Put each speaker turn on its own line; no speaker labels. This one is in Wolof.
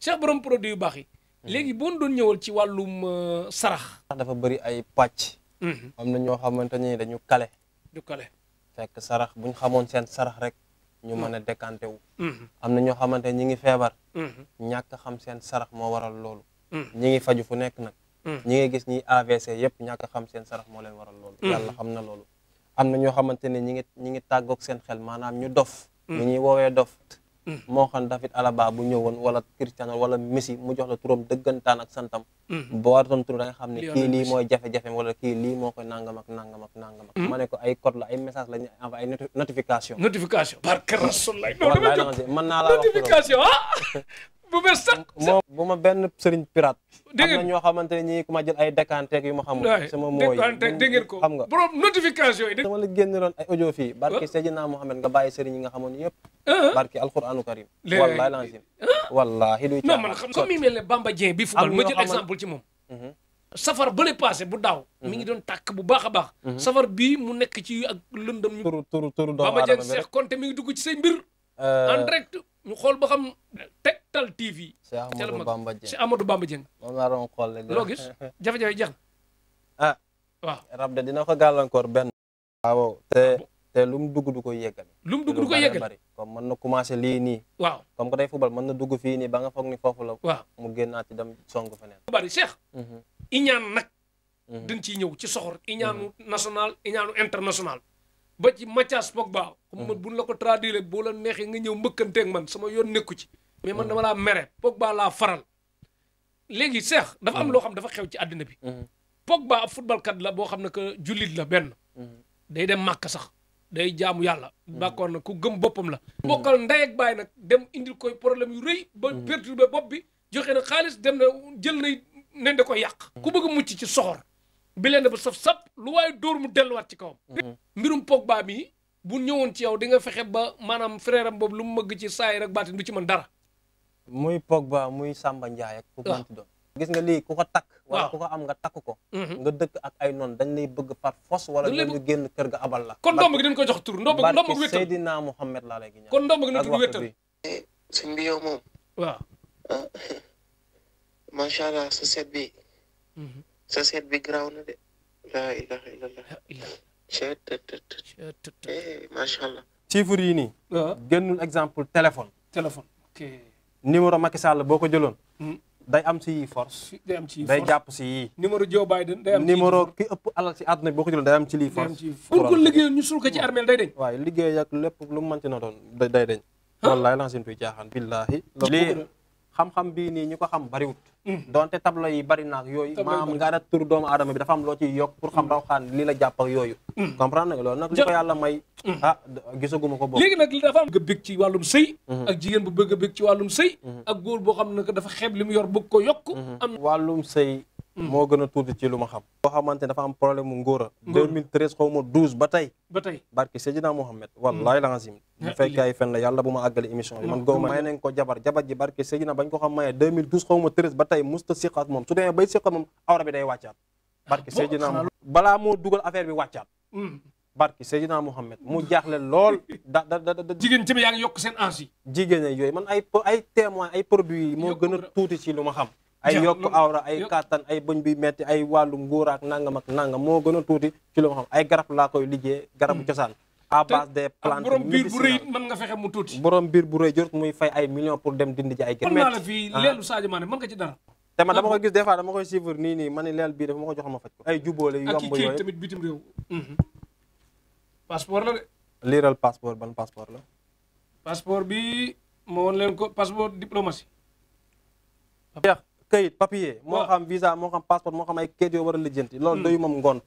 Cheikh borom produit yu baax yi. Hmm. léegi boo doon ñëwal ci wàllum euh, sarax. dafa bëri ay pàcc. Hmm. am na ñoo xamante ne dañu kale. du kale fekk sarax bu ñu xamoon seen sarax rek. ñu hmm. mën a décanté wu. am na ñoo xamante ne ñi ngi feebar. ñàkk xam seen sarax moo waral loolu. ñi ngi faju fu nekk nag. ñi ngay gis ñi AVC yëpp ñàkk xam seen sarax moo leen waral loolu. yàlla xam na loolu. am na ñoo xamante ne ñi ngi ñi ngi tàggoog seen xel maanaam ñu dof. ñu ñuy woowee dof. Mm. moo xam David Alaba bu ñëwoon wala Cristiano wala Messi mu jox la turam dëggantaan ak santam. Mm. boo waratoon tur da nga xam ne kii lii mooy jafe-jafe wala kii lii moo koy nangam ak nangam mm. ay code la ay message la ñu envoyé ay notification. notification barke Rasul lay. notification naa la wax notification
ah.
bu bees sax bu ma benn sëriñ pirate. dégg am na ñoo xamante ne ñii ku ma jël ay décanteeg yu ma xamul. sama mooy dégg ngeen ko xam nga borom notification yi. dama la uh-huh. karim. wallaahi laazim uh-huh. wallaahi du non man xam
mhm. safar bële passé bu daaw. Mhm. mi ngi doon tàkk bu baax a baax. Mhm. safar bii mu nekk ci ak lëndëm ñu. turu turu turu doomu aadama Bamba Dieng Cheikh Konté mi mbir. Euh, en direct ñu xool ba xam Tektal TV. Cheikh Amadou Bamba Dieng Cheikh Amadou Bamba Dieng. moom laa doon xool
ah. waaw rab de dina ko gàllankoor benn. waaw ah, ah, te lu mu dugg du ko yeggali. lu mu dugg du ko yeggali comme mën na commencé lii nii. waaw comme que day fubal mën na dugg fii nii ba nga foog ni foofu la. waaw mu génnaat ci dam song feneen.
bari Cheikh. Mhm. iñaan nag. Mhm. dañ ciy ñëw ci soxor iñaanu mhm. national iñaanu international. ba ci Mathias Pogba. xam nga buñ la ko traduire boo la neexee nga ñëw mbëkkanteeg man sama yoon nekku ci. mais man mm. dama laa mere baa laa faral léegi seex dafa am mm. loo xam dafa xew ci àddina bi mm-hmm. Pogba ab football kat la boo xam ne que jullit la benn mm-hmm. day dem màkk sax day jaamu yàlla mm-hmm. d'accord na ku gëm boppam la bokkal ndey ak nag dem indil koy problème yu rëy ba perturbé bopp bi joxe na xaalis dem na jël nay nen da koy yàq ku bëgg a mucc ci soxor bi leen ba saf sap lu waaye dóor mu delluwaat ci kawam mbirum baa bi bu ñëwoon ci yow di nga fexe ba maanaam frère am boobu lu mu mëgg ci saay rek baatin du ci mën dara
muy Pogba muy Samba Ndiaye ak ku mënti doon gis nga lii ku ko takk wala ku ko am nga takk ko mhm. nga dëkk ak ay noon dañ lay bëgg par force wala ñu génn kër ga abal la kon ndomb gi
dañ ko jox tur ndomb ndomb gi wéttal
Seydina Mouhamed laa lay gi ñaan kon ndomb gi nañ tudd wéttal
eh, sëñ bi yow moom
waaw ah, macha allah sa seet bi mhm. sa seet bi garaaw na de
laa ilaha illallah cet cet macha allah chiffre yi nii ah.
génnul exemple téléphone téléphone numéro Macky Sall boo ko jëloon. Hmm. day am si yii force.
day am si yii force day jàpp
si numéro Joe Biden day am numéro ki ëpp alal si àdduna bi boo ko jëloon day am ci lii force. pour que liggéeyoon ñu suul hmm. armeel day deñ. waaw liggéey ak lépp lu mu mënti doon day deñ. wallaay lancé tuuti jaaxaan. billaahi. lii xam-xam bii nii ñu ko xam bariwut mm-hmm. donte tableau yi bari naag yooyu maanaam nga a tur doomu adama bi dafa am loo ci yokk pour xam mm-hmm. raw xaan lii la jàpp ak yooyu mm-hmm. comprendre nga loolu nag li ko yàlla may ah gisaguma
ko boobu léegi nag li dafa am nga ci wàllum sëy ak jigéen bu bëgg a ci wàllum sëy ak góor boo xam ne dafa xeeb li mu yor bëgg ko yokk am wàllum sëy moo gën a tuuti ci lu ma xam. boo xamante
ne dafa am problème mu ngóora. 2013 xaw ma 12 ba ba tey barki Seydina Mohamed. Mm. wallaahi laazim. Ah, bu fekkee ay fen la yàlla bu ma àggale émission bi. man góob may nañ ko jabar jabar ji barki Seydina bañ ko xam maye 2012 xaw ma 13 ba tey musta siqaat moom su demee bay siqaat moom awra bi day wàccaat. Ah, barki Seydina balaa moo dugal affaire mm. mu jaaxle lool. da da da da jigéen ci bi yaa ngi yokk seen ansi. jigéen yooyu man ay ma xam ay yokk awra ay kàttan ay bëñ bi metti ay wàllu nguur ak nangam ak nangam moo gën a tuuti ci xam ay garab laa koy liggéey garabu mm. cosaan à base des plantes borom biir bu rëy mën nga fexe mu tuuti borom biir bu rëy muy fay ay millions pour dem dindi ji ay gën naa la fii ah. leelu
Sadio Mané mën nga ci dara
te man dama ah, koy gis des dama koy suivre nii nii ma ne leel bii dafa ma ko jox ma faj ay jubóole yomb
yooyu mhm. passeport la de
liiral passeport ban passeport la
passeport bi moo woon leen
kayit papier moo xam visa moo xam passeport moo xam ay kayit yoo war a lijjanti loolu hmm. doyu moom